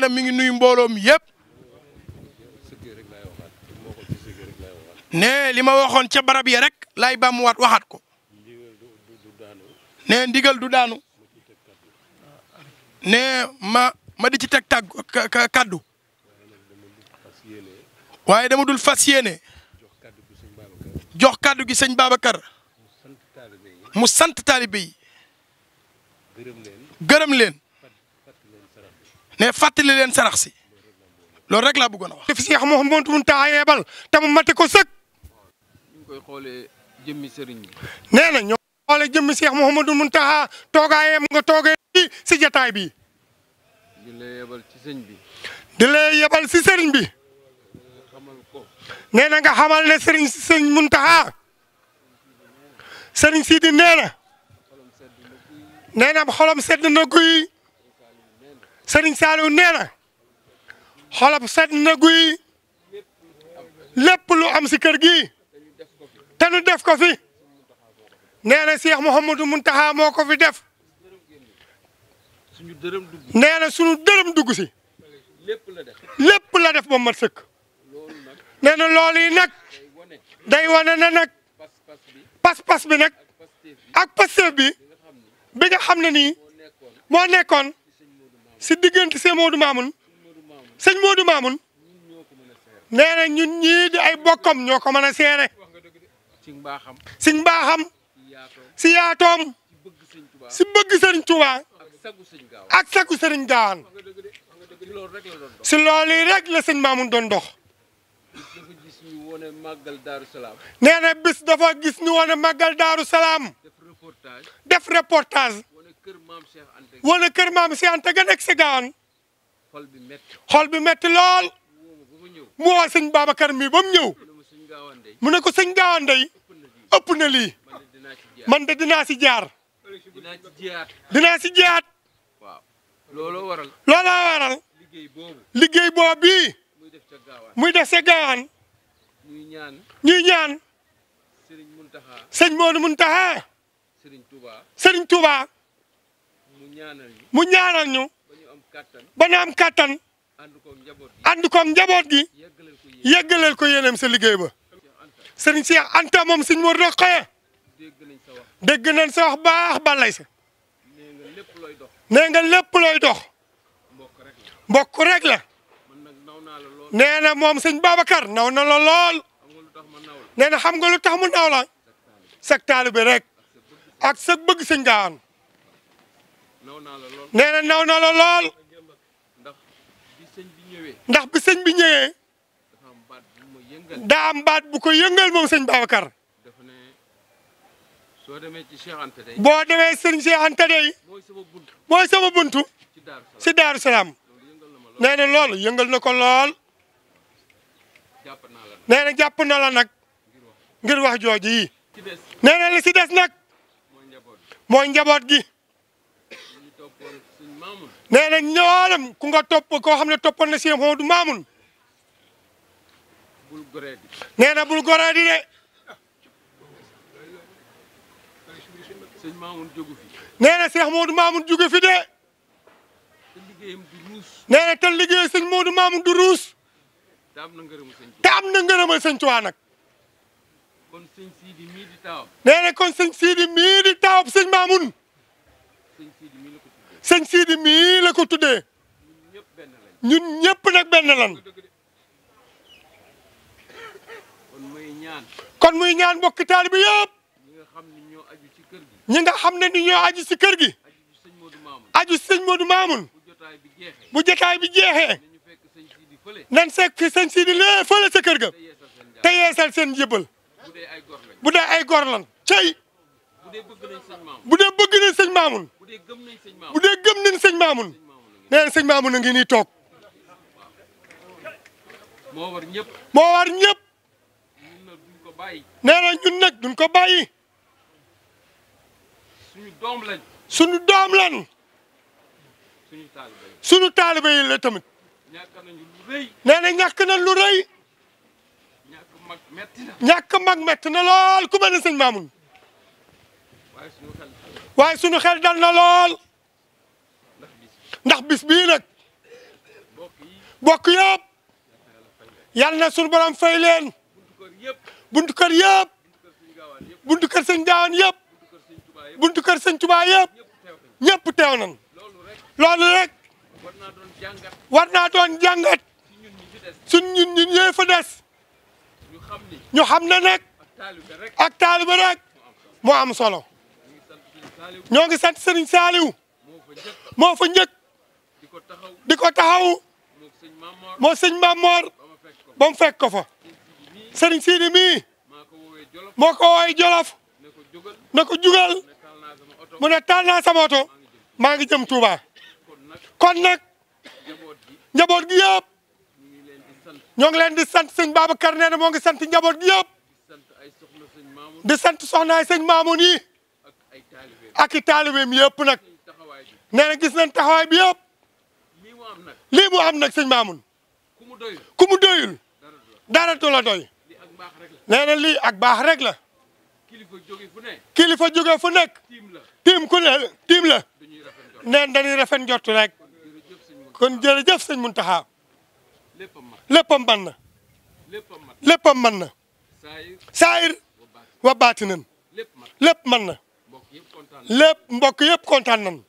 nee mi ngi nuyu mbolom yëpp ne lima waxon ci barab ya rek bam wat waxat ko ne ndigal du daanu ne ma ma di ci tek tag kaddu waye dama dul fasiyene jox kaddu gi seigne babakar mu sant taalibe yi gërëm ne fàttali leen sarax si loolu rek laa bëggoon a wax. fi Cheikh Mouhamadou Mountakha yeebal te mu mate ko sëkk. ñu ngi xoolee jëmmi sëriñ bi. nee na ñoo xoolee jëmmi Cheikh Mouhamadou Mountakha toogaayee mu nga toogee fii bi. di bi. di la si sëriñ bi. nee na nga xamal ne sëriñ sëriñ Mountakha sedd na guy. Serigne Saliou nee na xolab na guy lépp lu am si kër gi te nu def ko fi nee na Cheikh Mouhamadou Mountakha moo ko fi def nee sunu dërëm dugg si lépp la def ba mat sëkk nee na loolu yi nag day wane na nag pas-pas bi nag ak Pastef bi bi nga xam ne nii moo nekkoon si diggante sëñ Modou Mamoun sëñ Modou Mamoun nee na ñun ñii di ay bokkam ñoo ko mën a seere si mbaaxam si mbaaxam si yaatoom si bëgg sëñ Touba ak sagu sëriñ Gaawaan si loolu yi rek la sëñ Mamoun doon dox. nee na bis dafa gis ñu wone màggal Daaru Salaam def reportage. wala keur mam Cheikh Anta ga nek si gan xol bi metti lol mo woo sëñ Babacar mi bam ñew ñëw mu ne ko seigne gawan day upp na li man de dina ci jaar dinaa si jiyaat lolo waral liggéey boobu bii muy def ñuy ñaan muntaha touba Touba. mu ñaanal ñu ba ñu am kàttan ànd koog njaboot gi yeggaleel ko yéenam sa liggéey ba sëriñ Cheikh Anta moom sëriñ Mor Rokhaya dégg nañ sa wax baax balay sa nee nga lépp looy dox mbokk rek la nee na moom sëñ Babacar naw na la lool nee na xam nga lu tax mu naw la sag taalibe rek ak sa bëgg sëñ gaawaan nee naw na la lool ndax bi sëñ bi ñëwee daa am baat bu ko yëngal moom sëñ Cheikh day sama buntu si Daaru salam, nee na yëngal na ko lool nee na la ngir wax li si des nak, mooy njaboot gi. nee na ñooñu ku nga topp koo xam ne toppoon na Cheikh Mouhamadou Mamoun. nee na bul goree di de. nee na Cheikh Mouhamadou Mamoun jóge fi de. nee na te liggéey sëñ Mouhamadou du ruus. te am na ngërëmal sëñ Tuubaa nag. na kon sëñ Sidi mii di taawam sëñ sëñ Sidi mii la ko tuddee ñun ñëpp nag benn lan kon muy ñaan mbokk taalibe yëpp ñi nga xam ne ni ñoo aju ci kër gi aju ci sëñ Modou Mamoun bu jotaay bi jeexee nan fekk fi sëñ Sidi lee fële ca kër ga te yeesal seen yëbal bu dee ay gor lan cey dee bu dee bëgg nañ sëñ Maamun bu dee gëm bu dee gëm nañ sëñ Maamun nee na sëñ Maamun a ngi nii toog moo war ñëpp moo ñun nag duñ ko bàyyi suñu doom lañ suñu taaliba yi la tamit nee na ñàkk nañ lu rëy ñàkk mag metti na lool ku mel sëñ Maamun waaye sunu xel dal na lool ndax bis bii nag bokk yëpp yal na sunu borom fay leen buntu kër yëpp buntu kër sëñ Gaawaan yëpp buntu kër sëñ Tuubaa yëpp ñëpp teew rek war naa doon jàngat suñ ñun ñun ñee fa des ñu xam ne nag ak taaliba rek moo am solo ñoo ngi sant Serigne Saliou moo fa njëkk di ko taxaw moo sëñ Mamor ba mu fekk ko fa Serigne Sidi mii moo ko woowee Jolof na ko jugal mu ne taal naa sama maa ngi jëm Touba kon nag njaboot gi yëpp ñoo ngi leen di sant sëñ Babacar nee moo ngi sant njaboot gi yëpp di sant soxnaay sëñ Mamoun yi ak i taalibeem yépp nag nee na gis nañ taxawaay bi yëpp lii mu am nag sëñ Mamoun ku mu doyul dara du doy nee lii ak baax rek la kilifa jóge fu nekk tiim ku ne tiim la neen dañuy rafet njort rek kon jërëjëf sëñ Muntaxa léppam man na léppam man na wa baatinan lépp man na lépp mbokk yëpp kontaan nañu